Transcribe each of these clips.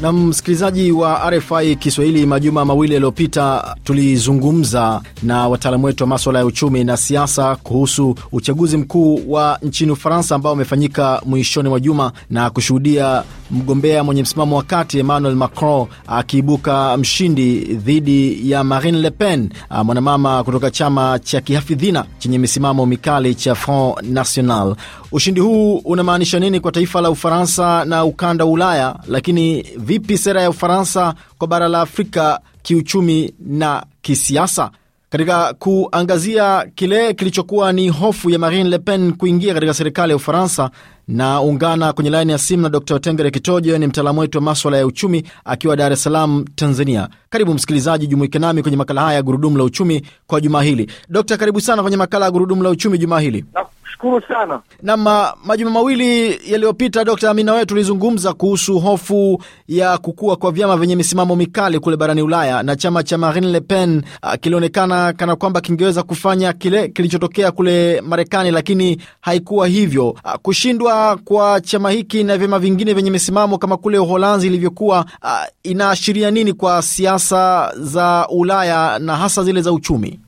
Na msikilizaji wa RFI Kiswahili, majuma mawili yaliyopita tulizungumza na wataalamu wetu wa maswala ya uchumi na siasa kuhusu uchaguzi mkuu wa nchini Ufaransa ambao umefanyika mwishoni mwa juma na kushuhudia mgombea mwenye msimamo wa kati Emmanuel Macron akiibuka mshindi dhidi ya Marine Le Pen, mwanamama kutoka chama cha kihafidhina chenye misimamo mikali cha Front National. Ushindi huu unamaanisha nini kwa taifa la Ufaransa na ukanda wa Ulaya, lakini vipi sera ya Ufaransa kwa bara la Afrika kiuchumi na kisiasa? Katika kuangazia kile kilichokuwa ni hofu ya Marine Le Pen kuingia katika serikali ya Ufaransa, na ungana kwenye laini ya simu na Dr Tengere Kitojo, ni mtaalamu wetu wa maswala ya uchumi akiwa Dar es Salaam, Tanzania. Karibu msikilizaji, jumuike nami kwenye makala haya ya Gurudumu la Uchumi kwa juma hili. Dokta, karibu sana kwenye makala ya Gurudumu la Uchumi juma hili. Shukuru sana. Na ma, majuma mawili yaliyopita, Dr. Amina, wewe tulizungumza kuhusu hofu ya kukua kwa vyama vyenye misimamo mikali kule barani Ulaya na chama cha Marine Le Pen ah, kilionekana kana kwamba kingeweza kufanya kile kilichotokea kule Marekani, lakini haikuwa hivyo. A, ah, kushindwa kwa chama hiki na vyama vingine vyenye misimamo kama kule Uholanzi ilivyokuwa ah, inaashiria nini kwa siasa za Ulaya na hasa zile za uchumi?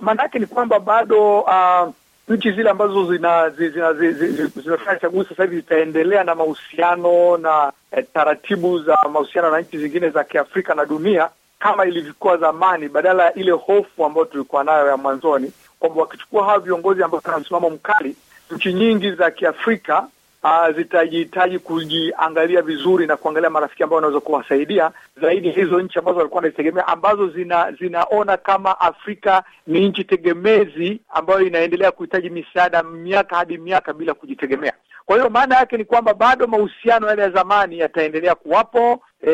Maanake ni kwamba bado uh nchi zile ambazo zinafanya zina, zina, zina, zina chaguzi sasa hivi zitaendelea na mahusiano na eh, taratibu za mahusiano na nchi zingine za Kiafrika na dunia kama ilivyokuwa zamani, badala ya ile hofu ambayo tulikuwa nayo ya mwanzoni kwamba wakichukua hawa viongozi ambao wana msimamo mkali, nchi nyingi za Kiafrika zitajihitaji kujiangalia vizuri na kuangalia marafiki ambao wanaweza kuwasaidia zaidi, hizo nchi ambazo walikuwa wanazitegemea ambazo zina, zinaona kama Afrika ni nchi tegemezi ambayo inaendelea kuhitaji misaada miaka hadi miaka bila kujitegemea. Kwa hiyo maana yake ni kwamba bado mahusiano yale ya zamani yataendelea kuwapo e,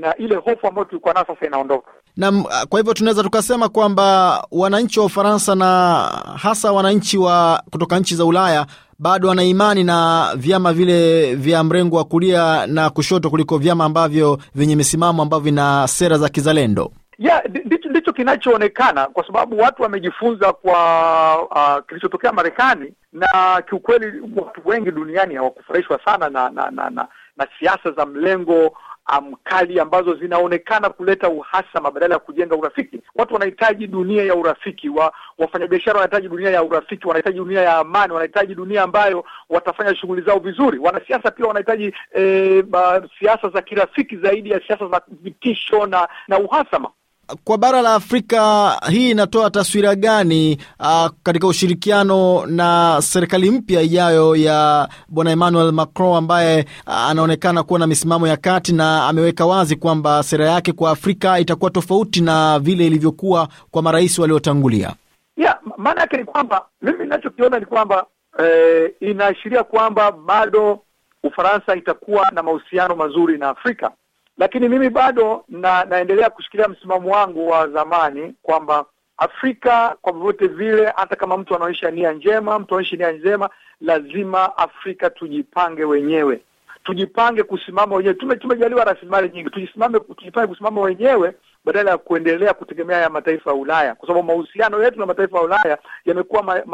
na ile hofu ambayo tulikuwa nayo sasa inaondoka. Na kwa hivyo tunaweza tukasema kwamba wananchi wa Ufaransa na hasa wananchi wa kutoka nchi za Ulaya bado ana imani na vyama vile vya mrengo wa kulia na kushoto kuliko vyama ambavyo vyenye misimamo ambavyo vina sera za kizalendo? Yeah, ndicho kinachoonekana kwa sababu watu wamejifunza kwa uh, kilichotokea Marekani, na kiukweli watu wengi duniani hawakufurahishwa sana na na, na, na, na siasa za mlengo mkali ambazo zinaonekana kuleta uhasama badala ya kujenga urafiki. Watu wanahitaji dunia ya urafiki wa, wafanyabiashara wanahitaji dunia ya urafiki, wanahitaji dunia ya amani, wanahitaji dunia ambayo watafanya shughuli zao vizuri. Wanasiasa pia wanahitaji e, siasa za kirafiki zaidi ya siasa za vitisho na, na uhasama kwa bara la Afrika hii inatoa taswira gani uh, katika ushirikiano na serikali mpya ijayo ya bwana Emmanuel Macron ambaye uh, anaonekana kuwa na misimamo ya kati na ameweka wazi kwamba sera yake kwa Afrika itakuwa tofauti na vile ilivyokuwa kwa marais waliotangulia. Yeah, maana yake ni kwamba mimi ninachokiona ni kwamba eh, inaashiria kwamba bado Ufaransa itakuwa na mahusiano mazuri na Afrika lakini mimi bado na, naendelea kushikilia msimamo wangu wa zamani kwamba Afrika kwa vyovyote vile, hata kama mtu anaonyesha nia njema, mtu anaonyesha nia njema, lazima Afrika tujipange wenyewe, tujipange kusimama wenyewe. Tume, tumejaliwa rasilimali nyingi, tujisimame, tujipange kusimama wenyewe badala ya kuendelea kutegemea ya mataifa ya Ulaya, kwa sababu mahusiano yetu na mataifa ya Ulaya yamekuwa mahusiano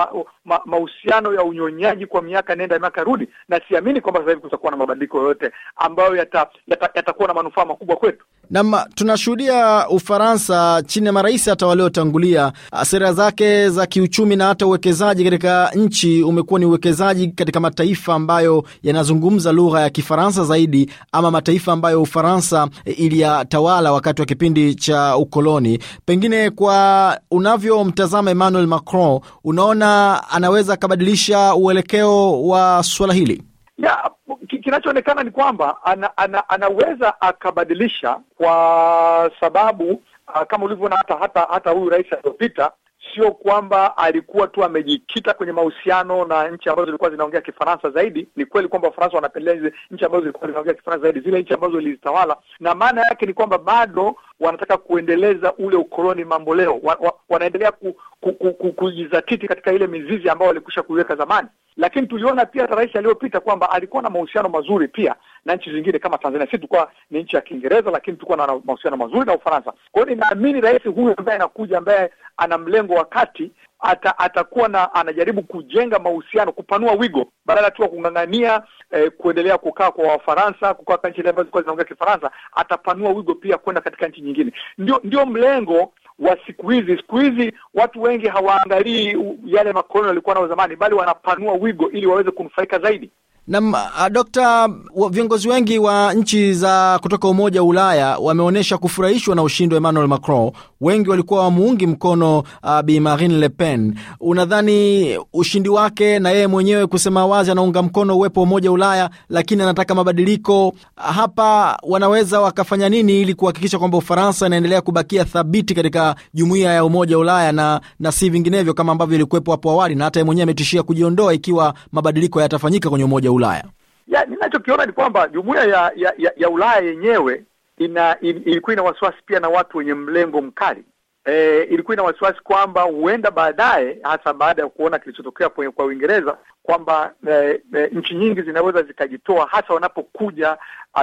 ma, ma, ma ya unyonyaji kwa miaka nenda miaka rudi, na siamini kwamba sasa hivi kutakuwa na mabadiliko yoyote ambayo yatakuwa yata, yata na manufaa makubwa kwetu. Nam, tunashuhudia Ufaransa chini ya marais hata waliotangulia, sera zake za kiuchumi na hata uwekezaji katika nchi umekuwa ni uwekezaji katika mataifa ambayo yanazungumza lugha ya Kifaransa zaidi, ama mataifa ambayo Ufaransa eh, iliyatawala wakati wa kipindi cha ukoloni. Pengine kwa unavyomtazama Emmanuel Macron unaona anaweza akabadilisha uelekeo wa suala hili? Yeah, kinachoonekana ni kwamba ana, ana, anaweza akabadilisha kwa sababu uh, kama ulivyoona hata hata huyu rais aliyopita sio kwamba alikuwa tu amejikita kwenye mahusiano na nchi ambazo zilikuwa zinaongea Kifaransa zaidi. Ni kweli kwamba Wafaransa wanapendelea zile nchi ambazo zilikuwa zinaongea Kifaransa zaidi, zile nchi ambazo zilizitawala, na maana yake ni kwamba bado wanataka kuendeleza ule ukoloni mambo leo wa, wa, wanaendelea ku, ku, ku, ku, katika ile mizizi ambayo walikwisha kuiweka zamani. Lakini tuliona pia hata rais aliyopita kwamba alikuwa na mahusiano mazuri pia na nchi zingine kama Tanzania. Sisi tulikuwa ni nchi ya Kiingereza, lakini tulikuwa na mahusiano mazuri na Ufaransa. Kwa hiyo ninaamini rais huyu ambaye anakuja, ambaye ana mlengo wa kati ata, atakuwa na anajaribu kujenga mahusiano, kupanua wigo badala tu wa kung'ang'ania eh, kuendelea kukaa kwa Wafaransa, kukaa kwa nchi ambazo zilikuwa zinaongea Kifaransa. Atapanua wigo pia kwenda katika nchi nyingine. Ndio, ndio mlengo wa siku hizi. Siku hizi watu wengi hawaangalii yale makoloni walikuwa nao zamani, bali wanapanua wigo ili waweze kunufaika zaidi. Na Dokta, viongozi wengi wa nchi za kutoka Umoja wa Ulaya wameonyesha kufurahishwa na ushindi wa Emmanuel Macron. Wengi walikuwa wamuungi mkono uh, Bi Marine Le Pen. Unadhani ushindi wake na yeye mwenyewe kusema wazi anaunga mkono uwepo wa Umoja wa Ulaya, lakini anataka mabadiliko hapa, wanaweza wakafanya nini ili kuhakikisha kwamba Ufaransa inaendelea kubakia thabiti katika jumuiya ya Umoja wa Ulaya na, na si vinginevyo kama ambavyo ilikuwepo hapo awali, na hata yeye mwenyewe ametishia kujiondoa ikiwa mabadiliko yatafanyika kwenye Umoja Ulaya? Ya, ninachokiona ni kwamba jumuiya ya, ya, ya, ya Ulaya yenyewe ina ilikuwa ina wasiwasi pia na watu wenye mlengo mkali e, ilikuwa ina wasiwasi kwamba huenda baadaye, hasa baada ya kuona kilichotokea kwa Uingereza kwamba e, e, nchi nyingi zinaweza zikajitoa, hasa wanapokuja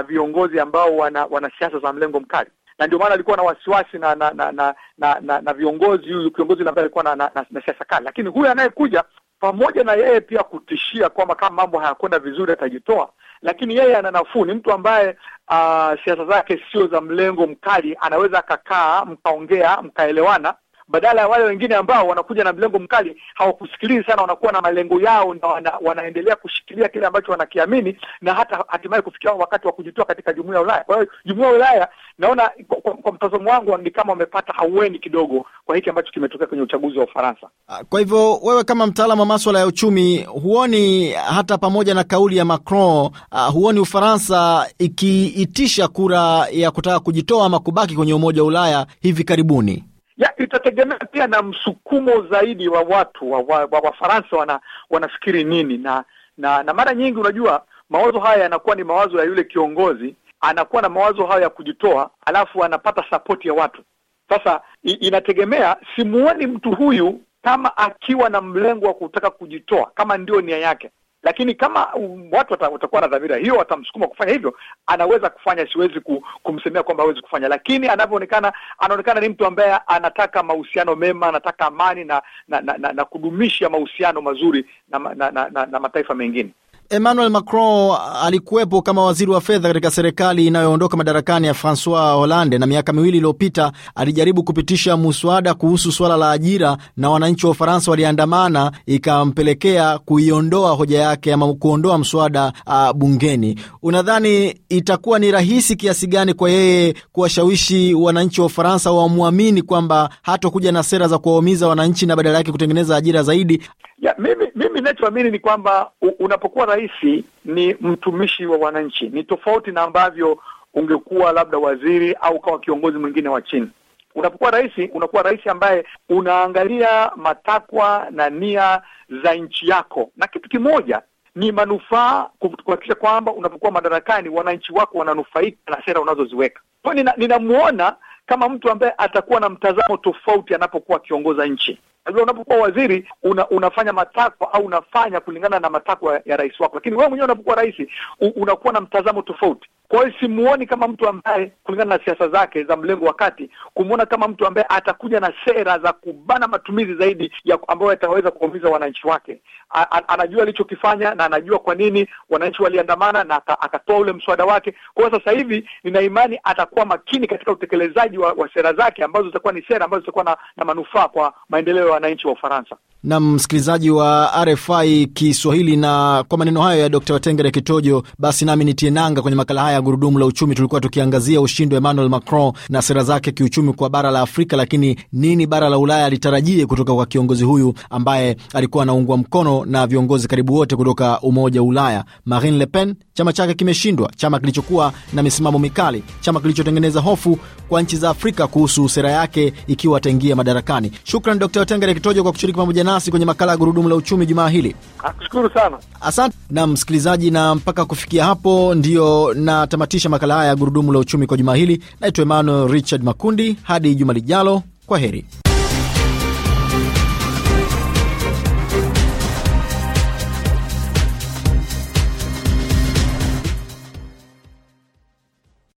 viongozi ambao wana, wana siasa za mlengo mkali na ndio maana alikuwa na wasiwasi na na na na, na, na, na viongozi huyu kiongozi ambaye alikuwa na, na, na, na siasa kali, lakini huyu anayekuja pamoja na yeye pia kutishia kwamba kama mambo hayakwenda vizuri atajitoa, lakini yeye ana nafuu. Ni mtu ambaye uh, siasa zake sio za mlengo mkali, anaweza akakaa mkaongea mkaelewana badala ya wale wengine ambao wanakuja na mlengo mkali, hawakusikilizi sana, wanakuwa na malengo yao na wana, wanaendelea kushikilia kile ambacho wanakiamini na hata hatimaye kufikia wakati wa kujitoa katika jumuiya ya Ulaya. Kwa hiyo jumuiya ya Ulaya naona kwa, kwa, kwa mtazamo wangu ni kama wamepata haueni kidogo kwa hiki ambacho kimetokea kwenye uchaguzi wa Ufaransa. Ah, kwa hivyo wewe kama mtaalamu wa maswala ya uchumi, huoni hata pamoja na kauli ya Macron, uh, huoni Ufaransa ikiitisha kura ya kutaka kujitoa ama kubaki kwenye Umoja wa Ulaya hivi karibuni? ya itategemea pia na msukumo zaidi wa watu wa, wa, wa Wafaransa wana, wanafikiri nini na, na na mara nyingi unajua mawazo haya yanakuwa ni mawazo ya yule kiongozi anakuwa na mawazo hayo ya kujitoa, alafu anapata sapoti ya watu. Sasa inategemea, simuoni mtu huyu kama akiwa na mlengo wa kutaka kujitoa, kama ndio nia yake lakini kama watu watakuwa na dhamira hiyo, watamsukuma kufanya hivyo, anaweza kufanya. Siwezi kumsemea kwamba hawezi kufanya, lakini anavyoonekana, anaonekana ni mtu ambaye anataka mahusiano mema, anataka amani na na, na, na, na kudumisha mahusiano mazuri na, na, na, na, na mataifa mengine. Emmanuel Macron alikuwepo kama waziri wa fedha katika serikali inayoondoka madarakani ya Francois Hollande, na miaka miwili iliyopita alijaribu kupitisha muswada kuhusu swala la ajira, na wananchi wa Ufaransa waliandamana, ikampelekea kuiondoa hoja yake ama kuondoa mswada uh, bungeni. Unadhani itakuwa ni rahisi kiasi gani kwa yeye kuwashawishi wananchi wa Ufaransa wamwamini kwamba hatakuja na sera za kuwaumiza wananchi na badala yake kutengeneza ajira zaidi? ya, mimi mimi ninachoamini ni kwamba unapokuwa rais ni mtumishi wa wananchi, ni tofauti na ambavyo ungekuwa labda waziri au ukawa kiongozi mwingine wa chini. Unapokuwa rais, unakuwa rais ambaye unaangalia matakwa na nia za nchi yako, na kitu kimoja ni manufaa, kuhakikisha kwamba unapokuwa madarakani wananchi wako wananufaika na sera unazoziweka. Kwa nina, ninamwona kama mtu ambaye atakuwa na mtazamo tofauti anapokuwa akiongoza nchi. Najua unapokuwa waziri una, unafanya matakwa au unafanya kulingana na matakwa ya rais wako, lakini wewe mwenyewe unapokuwa rais unakuwa na mtazamo tofauti. Kwa hiyo simuoni kama mtu ambaye kulingana na siasa zake za mlengo wa kati, kumwona kama mtu ambaye atakuja na sera za kubana matumizi zaidi ya ambayo yataweza kuumiza wananchi wake. A, a, anajua alichokifanya na anajua kwa nini wananchi waliandamana na akatoa ule mswada wake. Kwa hiyo sasa hivi nina imani atakuwa makini katika utekelezaji wa, wa sera zake ambazo zitakuwa ni sera ambazo zitakuwa na, na manufaa kwa maendeleo wananchi wa Ufaransa. Na msikilizaji wa RFI Kiswahili, na kwa maneno hayo ya Dr. watengere Kitojo, basi nami nitie nanga kwenye makala haya ya gurudumu la uchumi. Tulikuwa tukiangazia ushindi wa Emmanuel Macron na sera zake kiuchumi kwa bara la Afrika, lakini nini bara la Ulaya litarajie kutoka kwa kiongozi huyu ambaye alikuwa anaungwa mkono na viongozi karibu wote kutoka Umoja wa Ulaya? Marine Le Pen Chama chake kimeshindwa, chama kilichokuwa na misimamo mikali, chama kilichotengeneza hofu kwa nchi za Afrika kuhusu sera yake ikiwa ataingia madarakani. Shukran d Wetengere Kitojo kwa kushiriki pamoja nasi kwenye makala ya Gurudumu la Uchumi jumaa hili. Nakushukuru sana, asante na msikilizaji, na mpaka kufikia hapo ndiyo natamatisha makala haya ya Gurudumu la Uchumi kwa jumaa hili. Naitwa Emmanuel Richard Makundi, hadi juma lijalo, kwa heri.